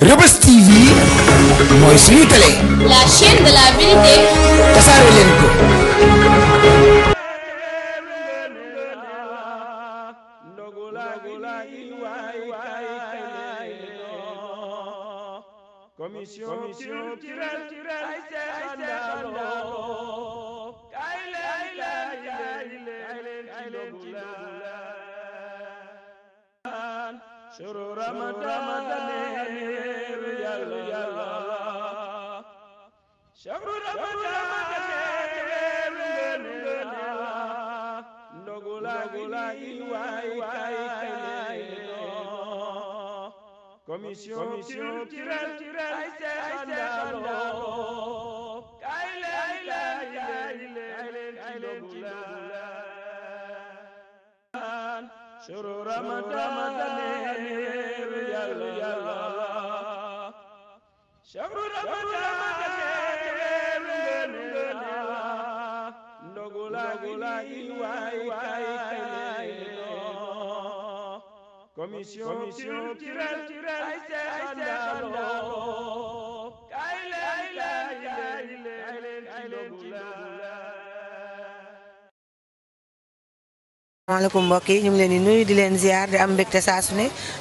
Reubeuss TV mooy suñu télé. la chaîne de la vérité. tasaare leen ko. commission culturelle ay suru ramadaan weeru yàlla suru ramadaan weeru ngëne la ndogu la gi waay waay commission culturelle ay seexandaloo suru ramadaan yàlla yàlla suru ramadaan yàlla ndogu laa gi waay waay commission culturelle ay seex andaloo kay leen kay leen ci ndogu laa Assalamualaikum, mbokk yi ñu ngi leen di nuyu di leen ziar di am bekté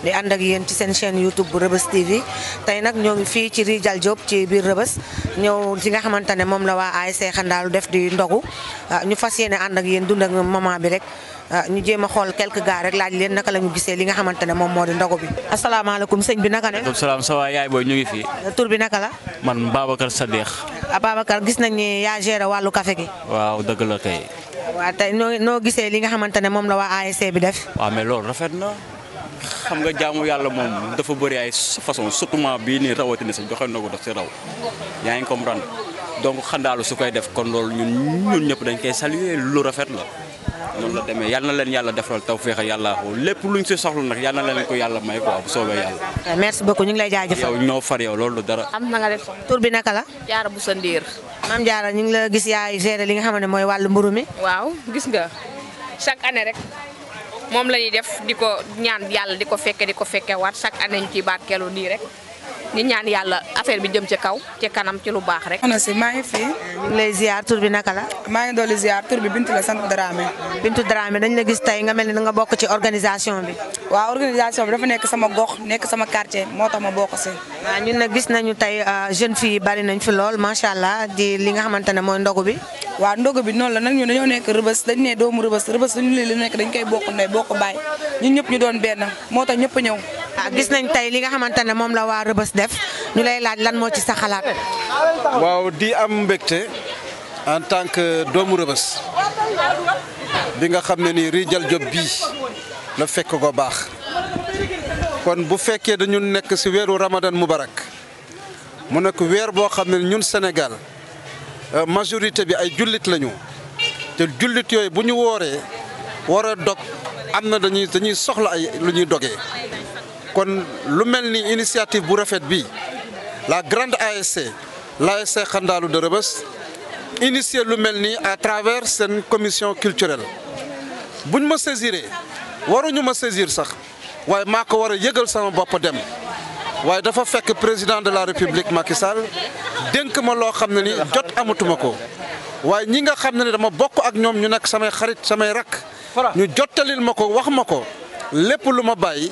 di and ak yeen ci seen YouTube bu Reubeuss TV tay nak ñoo ngi fi ci Rijal Diop ci biir lawa ñëw ci nga xamantane mom la Xandaalu def di ndogu ah, ñu fasiyene and ak yeen dund ak moment bi rek ah, ñu jema xol quelques gars rek laaj leen naka lañu gisé li nga xamantane mom modi ndogu bi assalamualaikum señ bi naka ne sa wa yaay boy ñu ngi fi tur bi naka la man Babacar Sadikh ah, Babacar gis nañ ni ya géré walu café gi waaw deug la kay waa tey noo noo gisee li nga xamante ne moom la waa ASC bi def. waaw mais loolu rafet na xam nga jaamu yàlla moom dafa bëri ay façon surtout bii nii rawatina si joxe na ko daf si raw yaa ngi comprendre donc xandaalu su koy def kon loolu ñun ñun ñëpp dañ koy saluer lu rafet la. noonu la demee yal na leen yàlla defaral tawféex yàlla lépp luñ si soxla nag yal na leen ko yàlla may quoi bu soobee yàlla. Eh, merci beaucoup ñu ngi lay jaajëfal yow ñoo far yow loolu dara. na nga def tur bi naka la. Diarra Boussa Ndiir. maam Diarra ñu ngi la gis yaay gérer li nga xam ne mooy wàllu mburu mi. waaw gis nga chaque année rek moom la ñuy def di ko ñaan yàlla di ko fekkee di ko fekke waat chaque année ñu ciy barkeelu nii rek ñu ñaan yàlla affaire bi jëm ci kaw ci kanam ci lu baax rek. soxna si maa ngi fii. ñu ngi bi naka la. maa ngi dolli ziar tur bi Bintu la sant Dramé. bint Dramé dañ la gis tey nga mel ni nga bokk ci organisation bi. waaw organisation bi dafa nekk sama gox nekk sama quartier moo tax ma bokk si. waaw ñun nag gis nañu tey euh, jeune fille bari nañ fi lool macha allah di li nga xamante ne mooy ndogu bi. waaw ndogu bi noonu la nag ñun dañoo nekk rëbës dañ ne doomu rëbës rëbës suñu li nekk dañ koy bokk ndey bokk ñëpp ñu doon benn moo tax ñëpp ñëw gis nañ tey li nga xamante ne moom la waa Rëbës def ñu lay laaj lan moo ci sa xalaat. waaw di am mbégte en tant que doomu Rëbës bi nga xam ne ni Rijal Job bii la fekk ko baax kon bu fekkee dañu nekk si weeru Ramadan Mubarak mu nekk weer boo xam ne ñun senegal euh, majorité bi ay jullit lañu te jullit yooyu bu ñu wooree war dog am na dañuy dañuy soxla ay lu ñuy dogee. kon lu melni initiative bu rafet bi la grande ASC l'ASC Khandalou de Rebeuss initier lu melni ni à travers seen commission culturelle buñ ma saisiré waruñu ma saisir sax waaye mako wara war sama bop dem waaye dafa fekk président de la république Macky Sall dénk ma lo xamné ni jot amatumako ko ñi nga xamné dama bokk ak ñom ñu nak samay xarit samay rak ñu jotalil mako wax mako lepp luma lu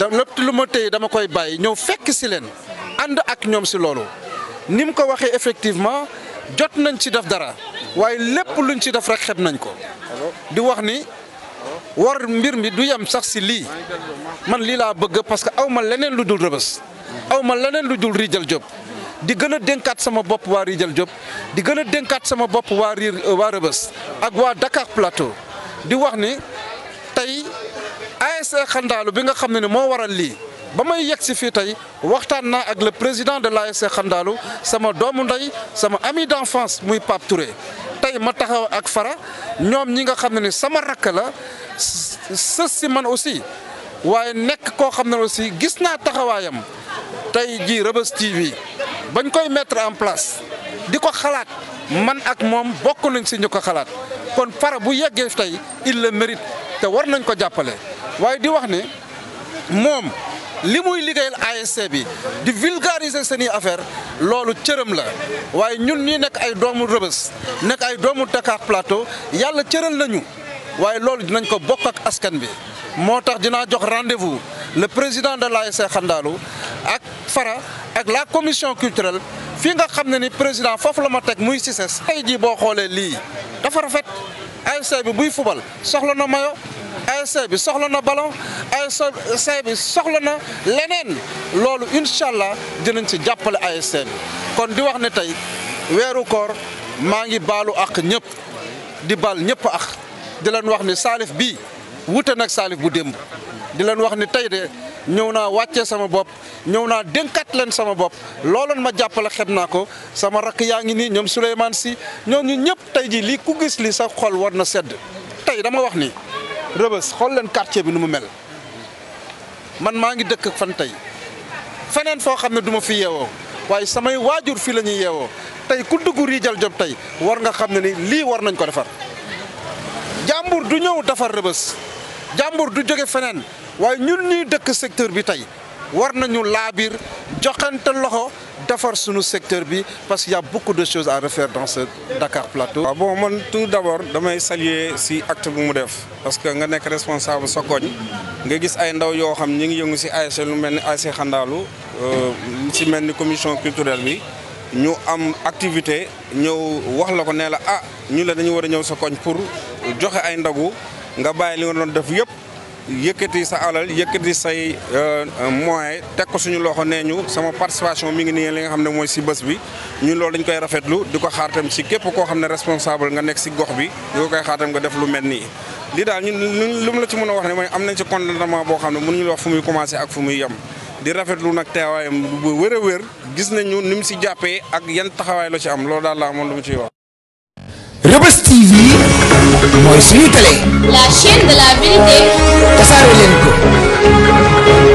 da lépp lu ma téye dama koy bàyyi ñëw fekk si leen ànd ak ñoom si loolu ni mu ko waxee effectivement jot nañ ci def dara waaye lépp luñ ci def rek xeb nañ ko di wax ni war mbir mi du yem sax si lii man lii laa bëgg parce que aw ma leneen lu dul rëbës aw ma leneen lu dul Rijal Diop di gën a dénkaat sama bopp waa Rijal Diop di gën a dénkaat sama bopp waa rëbës ak waa Dakar Plateau di wax ni tey xandaalu bi nga xam ne ne moo waral lii ba may yegg si fii tey waxtaan naa ak la président de l'ASC xandaalu sama doomu ndey sama ami d'enfance muy Pape Touré tey ma taxaw ak Fara ñoom ñi nga xam ne ni sama rakk la sës si man aussi waaye nekk koo xam ne aussi gis naa taxawaayam tey jii Reubeuss TV bañ koy mettre en place di ko xalaat man ak moom bokk nañ si ñu ko xalaat kon Fara bu yeggee tey il le mérite te war nañ ko jàppale. waaye di wax ne moom li muy liggéeyal ASC bi di vulgariser seeni affaire loolu cëram la waaye ñun ñi nekk ay doomu Rëbës nekk ay doomu Dakar Plateau yàlla cëral nañu waaye loolu dinañ ko bokk ak askan bi moo tax dinaa jox rendez-vous le président de l'ASC Xandaalu ak Fara ak la commission culturelle fii nga xam ne ni président foofu la ma teg muy CICES. tey jii boo xoolee lii dafa rafet ASC bi buy fubal soxla na mayo ASC bi soxla na ballon ASC bi soxla na leneen loolu incha allah dinañ ci jàppale ASC kon di wax ne tey weeru koor maa ngi ak ñëpp di bal ñëpp ak di leen wax ni salif bii wute nag saalif bu démb di leen wax ni tey de ñëw naa sama bopp ñëw naa len sama bopp looloon ma jàppale xeb ko sama rakk yaa ngi nii ñoom Souleymane si ñoom ñu ñëpp tey ji lii ku gis lii sa xol war sedd tey dama wax ni Rebus, xol len quartier bi numu mel man ma ngi dekk fan tay fenen fo xamne duma fi yewo waaye samay wajur fi la yewo tay tey ku dugg Rijal job tay war nga xamne ni li war nañ ko defar jambour du ñew defar rebeus jambour du joge fenen waaye ñun ñuy dekk secteur bi tay war nañu laabiir joxante loxo dafar suñu secteur bi parce qu'il y a beaucoup de choses à refaire dans ce Dakar Plateau. waaw ah bon man tout d'abord damay saluer si acte bu mu def parce que nga nek responsable sokogn nga gis ay ndaw yo xam ñi ngi yëngu ci ASC lu melni ni ASC Xandaalu euh, ci mel commission culturelle bi ñu am activité ñëw wax la ko neela ah ñu la dañu wara ñew ñëw sa pour joxe ay ndagu nga baye li nga def yépp yëkkati sa alal yëkkati say euh, euh, moyen teg ko suñu loxo nee ñu sama participation mi ngi nii li nga xam ne mooy si bés bi ñu lool dañ koy rafetlu di ko xaar tam si képp koo xam ne responsable nga nekk si gox bi di ko koy xaar tam nga def lu mel nii. li daal ñun lu mu la ci mën a wax ne mooy am nañ ci contentement boo xam ne ñu wax fu muy commencé ak fu muy yem di rafetlu nag teewaayam bu wér a wér gis nañu ni mu si jàppee ak yan taxawaay la ci am loolu daal laa amoon lu mu ciy wax. Reubeuss mooy suñu télé. la chaîne de la vérité. tasaare leen ko.